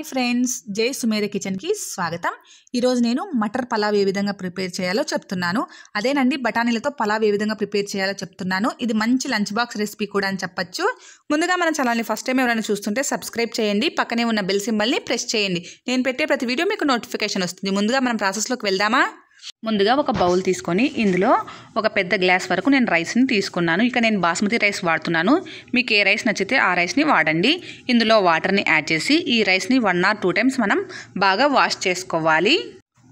hi friends జై సుమేర కిచెన్కి స్వాగతం ఈరోజు నేను మటర్ పలావ్ ఏ విధంగా ప్రిపేర్ చేయాలో చెప్తున్నాను అదేనండి బఠానీలతో పలావ్ ఏ విధంగా ప్రిపేర్ చేయాలో చెప్తున్నాను ఇది మంచి లంచ్ బాక్స్ రెసిపీ కూడా అని చెప్పచ్చు ముందుగా మన ఛానల్ని ఫస్ట్ టైం ఎవరైనా చూస్తుంటే సబ్స్క్రైబ్ చేయండి పక్కనే ఉన్న బెల్ సింబల్ని ప్రెస్ చేయండి నేను పెట్టే ప్రతి వీడియో మీకు నోటిఫికేషన్ వస్తుంది ముందుగా మనం ప్రాసెస్లోకి వెళ్దామా ముందుగా ఒక బౌల్ తీసుకొని ఇందులో ఒక పెద్ద గ్లాస్ వరకు నేను రైస్ని తీసుకున్నాను ఇక నేను బాస్మతి రైస్ వాడుతున్నాను మీకు ఏ రైస్ నచ్చితే ఆ రైస్ని వాడండి ఇందులో వాటర్ని యాడ్ చేసి ఈ రైస్ని వన్ ఆర్ టూ టైమ్స్ మనం బాగా వాష్ చేసుకోవాలి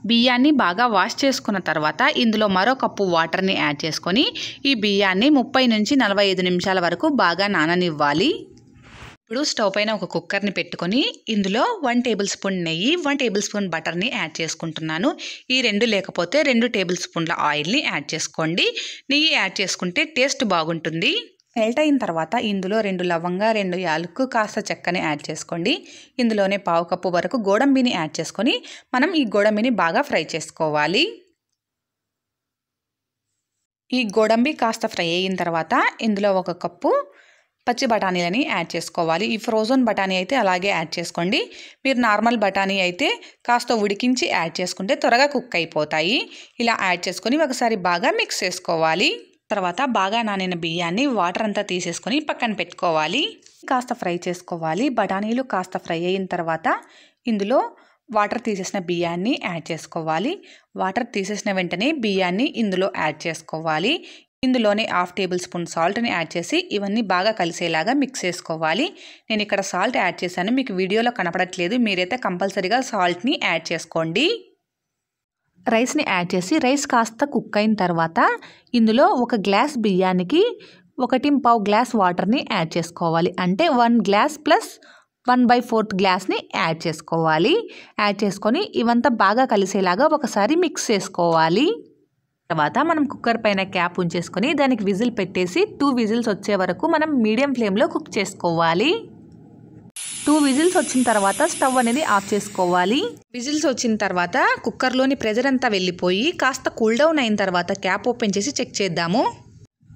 బియ్యాన్ని బాగా వాష్ చేసుకున్న తర్వాత ఇందులో మరో కప్పు వాటర్ని యాడ్ చేసుకొని ఈ బియ్యాన్ని ముప్పై నుంచి నలభై ఐదు నిమిషాల వరకు బాగా నాననివ్వాలి ఇప్పుడు స్టవ్ పైన ఒక కుక్కర్ని పెట్టుకొని ఇందులో వన్ టేబుల్ స్పూన్ నెయ్యి వన్ టేబుల్ స్పూన్ బటర్ని యాడ్ చేసుకుంటున్నాను ఈ రెండు లేకపోతే రెండు టేబుల్ స్పూన్ల ఆయిల్ని యాడ్ చేసుకోండి నెయ్యి యాడ్ చేసుకుంటే టేస్ట్ బాగుంటుంది మెల్ట్ అయిన తర్వాత ఇందులో రెండు లవంగా రెండు యాలకు కాస్త చెక్కని యాడ్ చేసుకోండి ఇందులోనే పావు కప్పు వరకు గోడంబిని యాడ్ చేసుకొని మనం ఈ గోడంబిని బాగా ఫ్రై చేసుకోవాలి ఈ గోడంబి కాస్త ఫ్రై అయిన తర్వాత ఇందులో ఒక కప్పు పచ్చి బఠానీలని యాడ్ చేసుకోవాలి ఈ ఫ్రోజన్ బఠానీ అయితే అలాగే యాడ్ చేసుకోండి మీరు నార్మల్ బఠానీ అయితే కాస్త ఉడికించి యాడ్ చేసుకుంటే త్వరగా కుక్ అయిపోతాయి ఇలా యాడ్ చేసుకొని ఒకసారి బాగా మిక్స్ చేసుకోవాలి తర్వాత బాగా నానిన బియ్యాన్ని వాటర్ అంతా తీసేసుకొని పక్కన పెట్టుకోవాలి కాస్త ఫ్రై చేసుకోవాలి బఠానీలు కాస్త ఫ్రై అయిన తర్వాత ఇందులో వాటర్ తీసేసిన బియ్యాన్ని యాడ్ చేసుకోవాలి వాటర్ తీసేసిన వెంటనే బియ్యాన్ని ఇందులో యాడ్ చేసుకోవాలి ఇందులోనే హాఫ్ టేబుల్ స్పూన్ సాల్ట్ని యాడ్ చేసి ఇవన్నీ బాగా కలిసేలాగా మిక్స్ చేసుకోవాలి నేను ఇక్కడ సాల్ట్ యాడ్ చేశాను మీకు వీడియోలో కనపడట్లేదు మీరైతే కంపల్సరీగా సాల్ట్ని యాడ్ చేసుకోండి రైస్ని యాడ్ చేసి రైస్ కాస్త కుక్ అయిన తర్వాత ఇందులో ఒక గ్లాస్ బియ్యానికి ఒకటి పావు గ్లాస్ వాటర్ని యాడ్ చేసుకోవాలి అంటే one glass plus one by fourth గ్లాస్ని యాడ్ చేసుకోవాలి యాడ్ చేసుకొని ఇవంతా బాగా కలిసేలాగా ఒకసారి మిక్స్ చేసుకోవాలి తర్వాత మనం కుక్కర్ పైన క్యాప్ ఉంచేసుకొని దానికి విజిల్ పెట్టేసి టూ విజిల్స్ వచ్చే వరకు మనం మీడియం ఫ్లేమ్లో కుక్ చేసుకోవాలి టూ విజిల్స్ వచ్చిన తర్వాత స్టవ్ అనేది ఆఫ్ చేసుకోవాలి విజిల్స్ వచ్చిన తర్వాత కుక్కర్లోని ప్రెజర్ అంతా వెళ్ళిపోయి కాస్త కూల్ డౌన్ అయిన తర్వాత క్యాప్ ఓపెన్ చేసి చెక్ చేద్దాము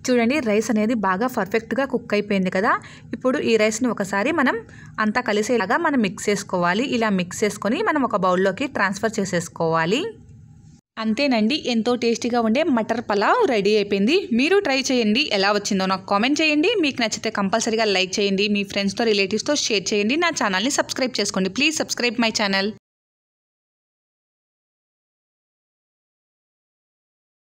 చూడండి రైస్ అనేది బాగా పర్ఫెక్ట్గా కుక్ అయిపోయింది కదా ఇప్పుడు ఈ రైస్ని ఒకసారి మనం అంతా కలిసేలాగా మనం మిక్స్ చేసుకోవాలి ఇలా మిక్స్ చేసుకొని మనం ఒక బౌల్లోకి ట్రాన్స్ఫర్ చేసేసుకోవాలి అంతేనండి ఎంతో టేస్టీగా ఉండే మటర్ పలావ్ రెడీ అయిపోయింది మీరు ట్రై చేయండి ఎలా వచ్చిందో నాకు కామెంట్ చేయండి మీకు నచ్చితే కంపల్సరీగా లైక్ చేయండి మీ ఫ్రెండ్స్తో రిలేటివ్స్తో షేర్ చేయండి నా ఛానల్ని సబ్స్క్రైబ్ చేసుకోండి ప్లీజ్ సబ్స్క్రైబ్ మై ఛానల్